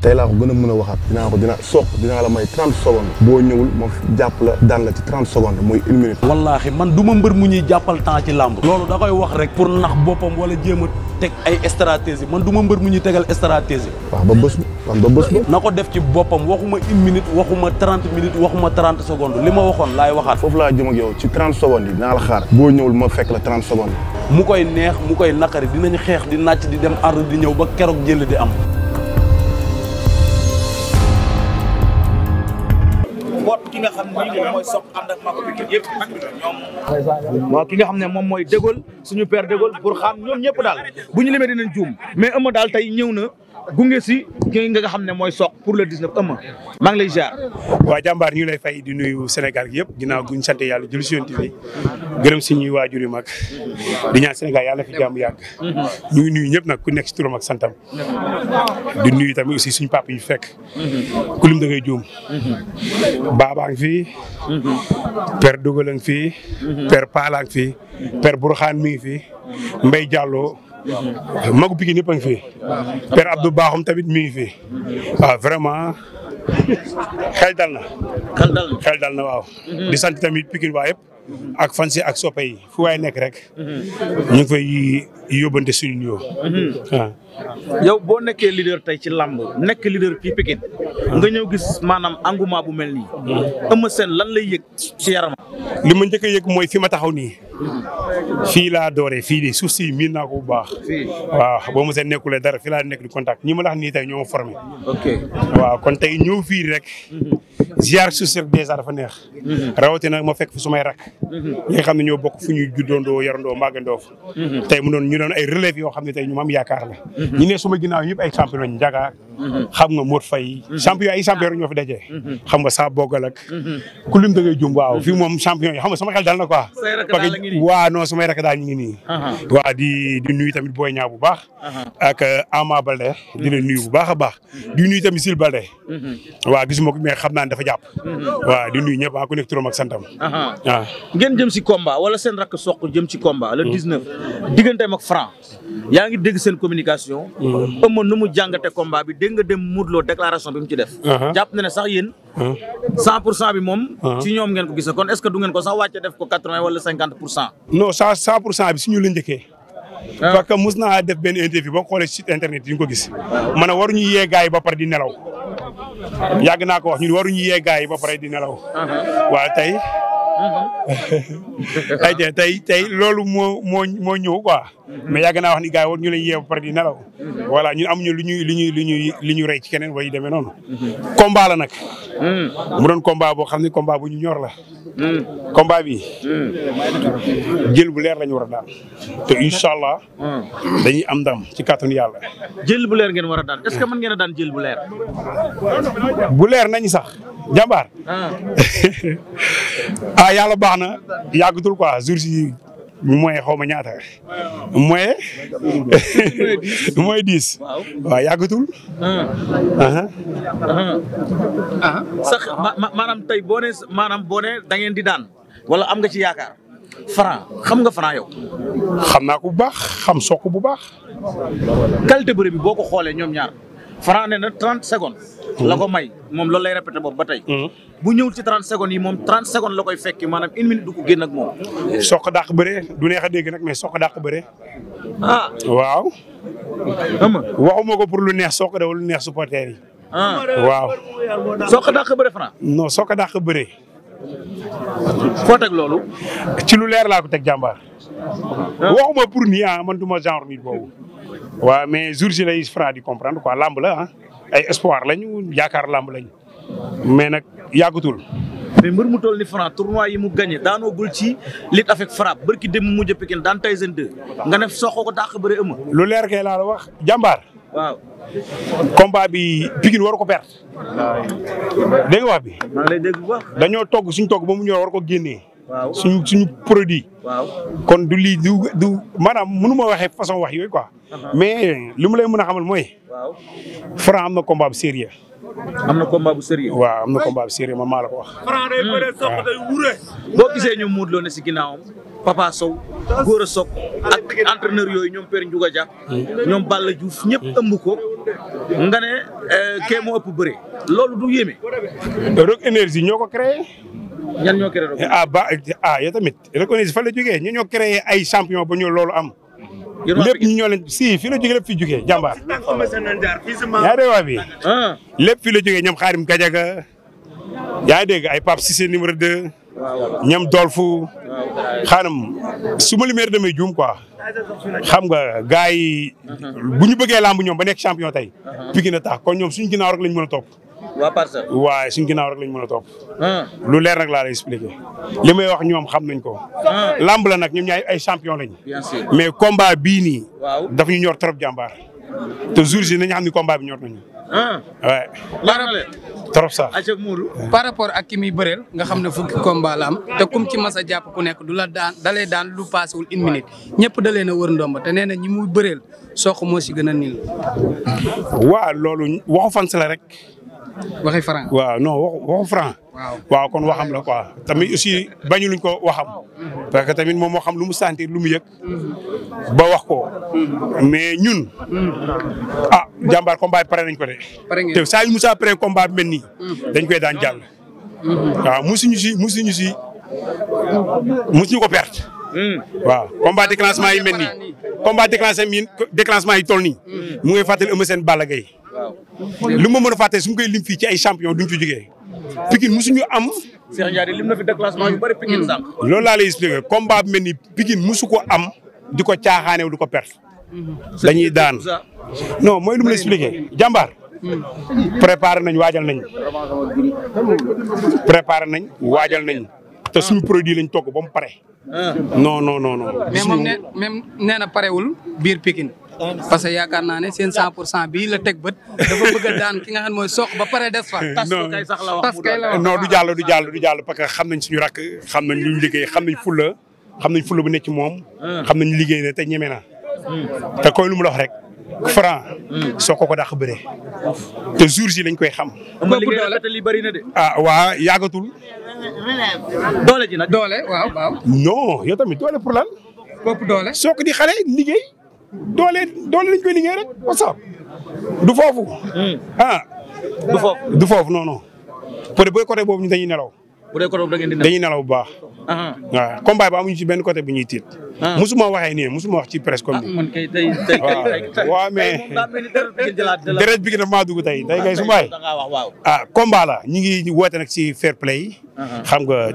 tey laa ko gën a mën a waxaat dinaa ko dina soq dinaa la may 30 secondes boo ñëwul ma jàpp la la ci 30 secondes muy une minute wallaahi man du ma mbër mu ñuy jàppal ci làmb loolu da wax rek pour nax wala jéem teg ay stratégie man du ma mbër mu ñuy tegal stratégie waaw ba bés ba ba bés ba na ko def ci boppam waxuma une minute waxuma 30 minutes waxuma 30 secondes li ma waxoon laay waxaat foofu laa jëm ak yow ci 30 secondes yi dinaa la xaar boo ñëwul ma fekk la 30 secondes mu koy neex mu koy naqari ñu xeex di nàcc di dem ardu di ñëw ba keroog jël di am ki nga xam ne moom mooy soq ànd ak mako bi ki nga xam ne moom mooy dégol suñu père dégol pour xam ñoom ñëpp daal bu ñu limee dinañ juum mais ëmb daal tey ñëw na gunge si ki nga xam ne mooy Sokh pour le 19 ëmm maa ngi lay ziar. waa jàmbaar ñu lay fay di nuyu Sénégal gi yëpp ginnaaw guñ sant yàlla jël si yonent bi gërëm suñuy waajur yu mag di ñaan Sénégal yàlla fi jàmm yàgg. Mhm. ñu ngi nuyu ñëpp nag ku nekk si turam santam. Mhm. di nuyu tamit aussi suñu papa yu fekk. Mhm. ku lim da ngay juum. Baba fi. Père Dogal fi. Père Pala a ngi fi. Père Burxaan mi fi. Mbaye Diallo. magu Pikine yëpp a ngi fi Père Abdou baaxum tamit mi ngi fi waaw vraiment xel dal na. xel dal na waaw. di sant tamit Pikine waa yëpp ak fan si ak soppe yi fu waay nekk rek. Mhm. ñu ngi yóbbante suñu nuyoo mhm. waaw. yow boo nekkee leader tey ci làmb nekk leader fii Pikine ah. nga ñëw gis maanaam engouement bu mel nii. Ah. Eumeu Sène lan lay yëg ci yaram. li ma njëkk a yëg mooy fi ma taxaw nii. Mhm. fii laa dooree fii nii suuf si miin naa bu baax. waaw boo ma seen nekkulee dara fii laa nekk di contact ñi ma la nii tey ñoo ma formé. waaw kon tey ñëw fii rek. Mhm. ziar suuf si déjà dafa neex. rawatina ma fekk fi sumay rak. ñi xam ne ñoo bokk fu ñuy juddoondoo yarandoo màggandoo fa. tey mu doon ñu doon ay relève yoo xam ne tey ñu am yaakaar la mhm. ñu ne suma ginnaaw ñëpp ay champion lañ jaga mhm. xam nga Modou Faye mhm. champion ay champion ñoo fi daje xam nga saa boggal ak ku lim da ngay jum waaw fii moom champion yi xam nga sama xel dal na quoi parce que waa non samay rakk daal ñu ngi nii waa di di nuyu tamit Boy Niang bu baax ak euh, Ama Baldé di la nuyu bu baax a baax di nuyu tamit Sil Baldé waaw gisuma ko mais xam naa ne dafa jàpp waaw di nuyu ñëpp a ku nekk turam ak santam waaw ngeen jëm si combat wala seen rakk soq jëm ci combat le 19 hmm. digganteem ak franc yaa ngi dégg seen communication. Hmm. ëmma nu mu jàngate combat bi dégg nga dem Modou déclaration bi mu ci def. Uh-huh. jàpp na sax yéen. 100 hmm. pour cent bi moom. Uh-huh. ci ñoom ngeen ko gis kon est-ce ko sax wàcce def ko 80 wala 50 pour cent. non 100 100 njëkkee. Ah. parce que mos def benn interview boo xoolee site internet yi ñu ko gis. ma ne waruñu yee gars yi ba pare di nelaw. yàgg naa ko wax ñun war yee gars yi ba pare di nelaw. Uh-huh. waaye tey. Mm-hmm. ay te tey loolu moo moo moo ñëw quoi. Mm-hmm. mais yàgg naa wax ni gars yi ñu leen yeew par di nelaw. Mm-hmm. voilà ñun amuñu lu ñuy li ñuy li ñuy li ñu rey ci keneen way demee noonu. combat la nag. Mm. mu doon combat boo xam ne combat bu ñu ñor la. combat bi. jël bu leer la ñu war a daan. te incha allah. dañuy am ndam ci kàttanu yàlla. jël bu leer ngeen war a daan est ce que mën ngeen a daan jël bu leer. leer nañu sax jàmbaar. Ah. ah yàlla baax na yàggatul quoi jour si mooy xaw ma ñaata mooy mooy diis waaw yàggatul aa ah. ah. ah. sax maanaam tey boo ne maanaam boo ne da ngeen di daan wala am nga ci yaakaar Franc xam nga Franc yow xam naa ko bu baax xam Sokh bu baax qualité bëre bi boo ko xoolee ñoom ñaar Franc ne na 30 secondes. la ko hmm. may moom loolu lay répété boobu ba tey. Hmm. bu ñëwul ci 30 secondes yi moom 30 secondes la koy fekki maanaam une minute du ko génn ak moom. Eh. soq dàq bëre du neex a dégg nag mais soq dàq bëre. ah waaw. xam nga ko pour lu neex soq da wala lu neex supporter yi. ah waaw. soq dàq bëre Franc. non soq dàq foo teg loolu. ci lu leer laa ko teg jàmbaar. Ah. waxuma pour nii ah man du genre nit boobu. waa mais jour ji lay Franc di comprendre quoi lamb la ah ay espoir lañu yaakaar lamb lañu mais nag yàggatul. mais mbër mu toll ni Franc tournoi yi mu gagné daanoo ci lutte avec frappe ki dem mu mujj Pikine daan Tyson nga ne soxoo ko dàq bëre ëmm. lu leer kay laa wax jàmbaar. waaw combat bi Pikine war ko perte. dégg nga wax bi. man lay dañoo togg suñ togg ba mu ñor war ko génnee. waaw suñu produit. kon du lii du du maanaam mënu ma waxee façon wax yooyu quoi. Uh-huh. mais li mu lay mën a xamal mooy. waaw am na combat bu sérieux am na combat bu sérieux. waaw am na combat bu sérieux man maa la ko wax. Hmm, waaw boo gisee ñu Modou Lo ne si ginnaawam Papa Sow Gora Sock ak entraîneur yooyu ñoom Père Ndiouga Dia. Hmm. ñoom Balla Diouf ñëpp hmm. ëmb ko. nga ne eh, kee bëre. loolu du yéeme. Rock Énergie ñoo ko créé. ñan ñoo créé Rock. ah ba ah tamit Rock Énergie la jógee ñu ñoo créé ay champion ba ñu loolu am. lépp ñu ñoo si fii la jógee lépp fi jógee jàmbaar. yaa dégg waa lépp fii la jógee ñoom xaarim Gadiaga yaa dégg ay Pape Cissé numéro 2. ñam dolfu xanam su ma limeer damay juum quoi xam nga gars yi bu ñu bëggee làmb ñoom ba nekk champion tey. Pikine na tax ñoom suñ ginnaaw rek lañ mën a topp. waa Parcelles. waaye suñ ginnaaw rek lañ mën a ah. lu leer nag laa lay li may wax ñoom xam nañ ko. Ah. lamb la nag ñoom ñaay ay champion lañ. mais combat bii nii. waaw daf ñu ñor trop jàmbaar. te jour yi nañ xam ni komba bi ñor nañu. waaye. Ah. trop sax par rapport ak ki muy bëreel nga xam ne fukki combat la te kum ci mas a jàpp ku nekk du la daan dalee daan lu paasewul une minute ñëpp dalee na wër ndomba te nee na ñi muy bëreel soq moo si gën a niil. loolu waxu fans rek. waxi waaw non wax waxu franc. kon waxam la quoi tamit aussi bañu luñ ko waxam. parce que tamit moom moo xam lu mu sentir lu mu yëg. ba wax ko. mais ñun. ah jàmbaar combat pare nañ ko de. te saa yu Moussa pare combat bi mel mm. dañ koy daan jàll. Mm-hmm. waaw musuñu si musuñu si musuñu ko perte. Mm. waaw combat déclenchement yi mel ni combat déclenchement yi déclenchement yi toll nii. Mm. mu ngi fàttali Eumeu Sène li ma mën a fàtte su ma koy lim fii ci ay champion duñ ci jógee Pikine musuñu am. Cheikh Ndiaye lim na fi déclassement yu loolu laa lay expliqué combat bi mel ni Pikine musu ko am di ko caaxaane di ko perte. dañuy daan non mooy lu mu la expliqué jàmbaar. préparé nañ waajal nañ. préparé nañ waajal nañ. te suñu produit lañ togg ba mu pare. no ah. non non non. moom nee na parewul biir Pikine. parce que yaakaar naa ne seen 100 pour cent bii la teg bët dafa bëgg a daan ki nga xam mooy soq ba pare des fa. non kay sax la wax non du jàll du jàll du jàll parce que xam nañ suñu rakk xam nañ lu ñu liggéey xam nañ fulla xam nañ fulla bu nekk ci moom. Ah. xam nañ liggéey ne te ñeme na. Hmm. te koy lu mu dox rek. franc. Hmm. soo ko ko dàq bëre. te jours yi lañ koy xam. li bëri na ah waa yàggatul. doole ji nag doole waaw waaw. non yow tamit doole pour lan. bopp di xale liggéey. doole doole lañ koy liggéey rek wasa du foofu. Hmm. ah du foofu du foofu non non. peut être bu côté boobu ñu dañuy nelaw. bu dee dañuy nelaw bu baax. Ah. waaw combat ba amuñu ci benn côté bu ñuy tiit. Ah. musuma waxee nii musuma wax ci presse comme ni. man deret bi dafa maa dugg tey tey kay ah, su ma ah combat ñu ngi woote nag ci fair play. xam nga.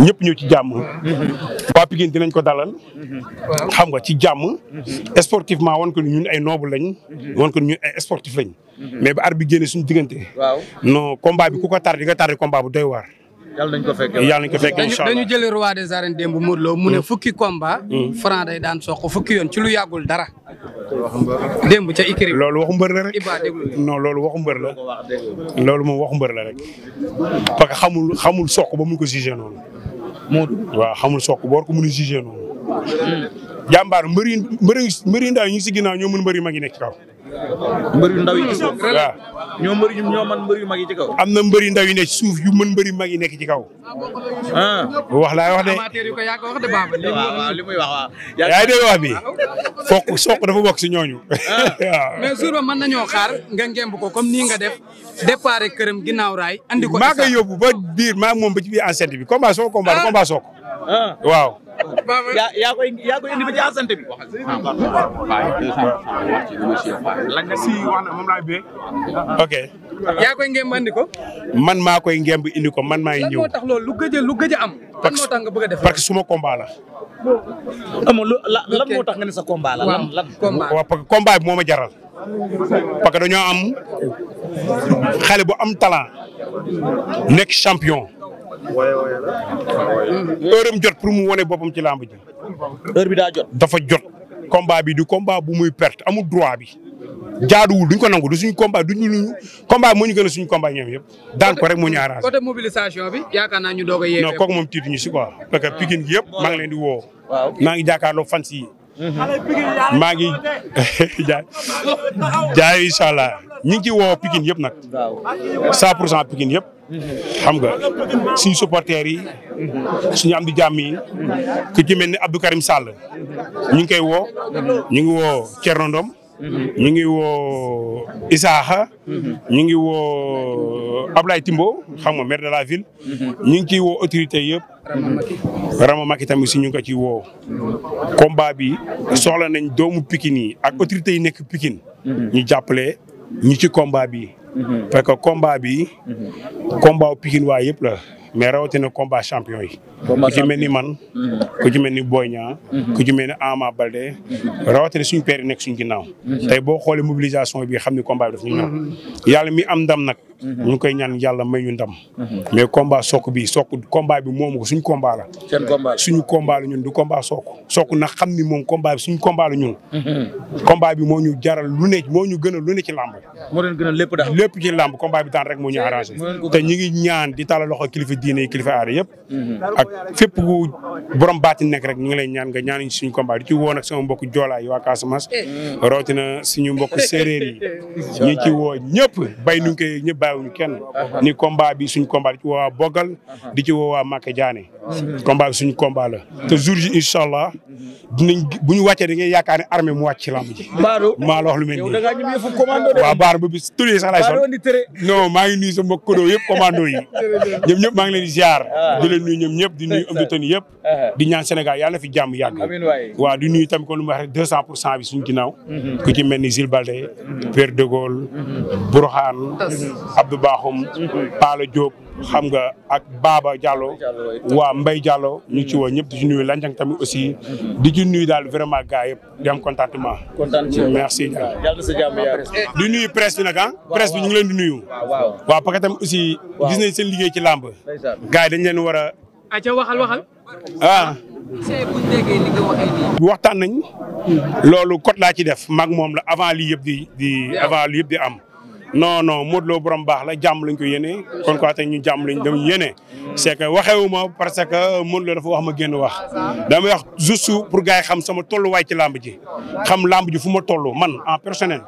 ñëpp ñëw ci jàmm. Mm-hmm. waa Pikine nañ ko dalal xam nga ci jàmm sportivement wan ko ni ñun ay noobu lañ wan ko ñun ay sportif lañ mais ba ar bi génne suñu diggante waaw non combat bi ku ko tar di nga tardi combat bu doy waar yàlla nañ ko fekkee yàlla nañ ko fekkee incha allah dañu jëlee roi des arènes démb Modou Lo mu mm. fukki combat mm. Franc day daan soq fukki yoon ci lu yàggul dara démb ca Ikri loolu waxu mbër la rek Iba loolu waxu mbër la loolu moom waxu la rek parce que xamul xamul soq ba mun ko jugé noonu Modou waaw xamul soq boor ko mën a jugé noonu. Hmm. jàmbaar mbëri mbëri mbëri ndaw ñu ngi si ginnaaw ñoo mën mbëri ma ngi nekk kaw. mbër yu ndaw yi ci kaw. waaw ñoo mbër yu ñoo yu ne ci suuf yu mën mbër yu mag yi nekk ci kaw. ah wax laa wax de. amateur yu ko de baax na. waaw waaw wax bi fokk soq dafa bokk si ñooñu. Ah. waaw mais jour ba mën nañoo xaar nga ngemb ko comme nii nga def départ këram ginnaaw raay. andi ko maa koy yóbbu ba biir maa moom ba ci biir bi combat soo combat ah. combat soo ko ah. waaw yaa yaa koy yaa koy indi bi. ok. yaa koy ngemb andi ko. man maa koy ngemb indi ko man maa ñëw. lan moo lu gëj lu gëj am. lan moo tax nga bëgg a suma combat la. la moo tax nga ne sa combat la. lan lan bi moo ma jaral. parce que dañoo am xale bu am talent nekk champion. waaye waaye la. Mm. heure am jot pour mu wane boppam ci làmb ji. heure bi daa jot. dafa jot combat bi du combat bu muy perte amul droit bi. jaaduwul duñ ko nangu du suñu combat duñu luñu combat moo ñu gën a suñu combat ñoom yëpp daan ko rek moo ñu arrangé. côté mobilisation bi yaakaar naa ñu doog a yeewee. non kooku moom tiituñu si quoi. parce que Pikine gi yëpp leen di woo. waaw maa ngi jàkkaarloo fan si mm-hmm. maa ngi jaay jaay ñi ngi ci woo Pikine yëpp nag. cent pour cent Pikine yëpp. xam nga suñu supporters yi. suñu am di jàmm yi. ku ci ni Abdou Karim Sall. ñu ngi koy woo. ñu ngi woo Thierno Ndom. ñu ngi woo Isaaxa. ñu ngi woo Ablaye Timbo xam nga maire de la ville. ñu ngi ciy woo autorité yëpp. Rama Maki tamit si ñu ngi ko ciy woo. bi soxla nañ doomu pikin yi ak autorité yi nekk Pikine. ñu jàppale. ñi ci combat bi. Mhm. parce que combat bi. Mhm. combat wu Pikine waa yëpp la. mais rawatina combat champion yi. ku ci mel ni man. ku ci mel ni Boy Niang. ku ci mel ni Ama Baldé. rawatina suñu père yi nekk suñu ginnaaw. tey boo xoole mobilisation bi xam ni combat bi daf ñu ñor. yàlla mi am ndam nag. ñu ngi koy ñaan yàlla ma ñu ndam. mais combat Sokh bi Sokh combat bi moomu ko suñu combat la. seen combat la suñu combat la ñun du combat Sokh. Sokh nag xam ni moom combat bi suñu combat la ñun. combat bi moo ñu jaral lu ne moo ñu gën a lu ne ci làmb. moo leen gën a lépp daal lépp ci làmb combat bi daan rek moo ñu diine yi kilifa aada yëpp. ak fépp ku borom nekk rek ñu ngi lay ñaan nga ñaanuñ suñu combat di ci woo nag sama mbokku joolaa yi waa Casamance. rawatina suñu mbokk séeréer yi. ñu ci woo ñëpp bay nuñ koy ñëpp bàyyiwuñu kenn. ni combat bi suñ combat di ci woo waa Bogal. di ci woo waa Maka Diané. combat bi suñu combat la. te jour ji incha allah dinañ bu ñu wàccee da ngay ne armée mu wàcc ci lamb ji. maa la wax lu baar ba bis tuddee sax laay sol. non maa ngi nuyu sama mbokk kodo yëpp commando ngi leen di ziar. Ah. di leen nuyu ñoom ñëpp di nuyu ëmb tën yëpp. Ah. di ñaan Sénégal yàlla fi jàmm yàgg. waaw di nuyu tamit kon lu ma waxee deux cent pour cent bi suñu ginnaaw. Mhm. ku ci mel ni Jules mhm. de Gaulle. Mhm. Bourkhane. Abdou Bakhoum. Paala Diop. xam nga ak Baba Diallo waa mbay Diallo ñu ci woo ñëpp di ci nuyu Lanjang tamit aussi di ci nuyu daal vraiment gars yëpp di am contentement. merci. yàlla sa jàmm di nuyu presse bi nag ah. presse ñu ngi leen di nuyu. waa waaw parce que tamit aussi. gis seen liggéey ci làmb. gaa dañ leen war a. ayca waxal waxal. ah. waxtaan nañ. loolu code laa ci def mag moom la avant lii yëpp di di avant yëpp di am. non non Modou Lo borom baax la jàmm lañ ko yéene kon quoi tey ñu jàmm lañ dem yéene. c'est que ma parce que Modou Lo dafa wax ma génn wax damay wax juste pour gars yi xam sama tolluwaay ci làmb ji xam làmb ji fu ma toll man en personnel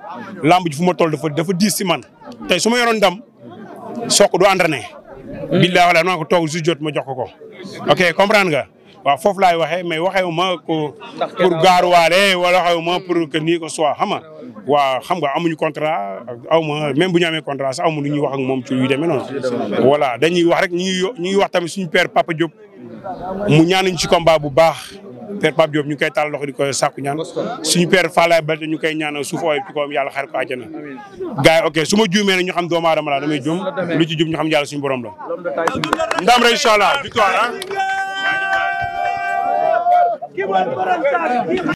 làmb ji fu ma toll dafa dafa diis si man te su ma yoroon ndam soq du entraîné. billahi wala naa ko toog su jot ma jox ko ko ok comprendre nga. waaw foofu laay waxee mais waxewu ma ko pour gaaruwaale wala waxewu ma pour que nii ko soit xam nga xam nga amuñu contrat aw ma bu ñu amee contrat sax aw ma lu ñuy wax ak moom ci yu demee noonu voilà dañuy wax rek ñu ngi ñu ngi wax tamit suñu père Papa Diop mu ñaanuñ ci combat bu baax père Pape Diop ñu koy taal loxo di ko sàkku ñaan suñu père Fallaye Balde ñu koy ñaanal suuf ooy ci kawam yàlla xar ko àjjana ok su ma juumee na ñu xam doomu aadama laa damay juum lu ci juum ñu xam yàlla suñu borom la ndam rek incha victoire ah Give one for Ansari.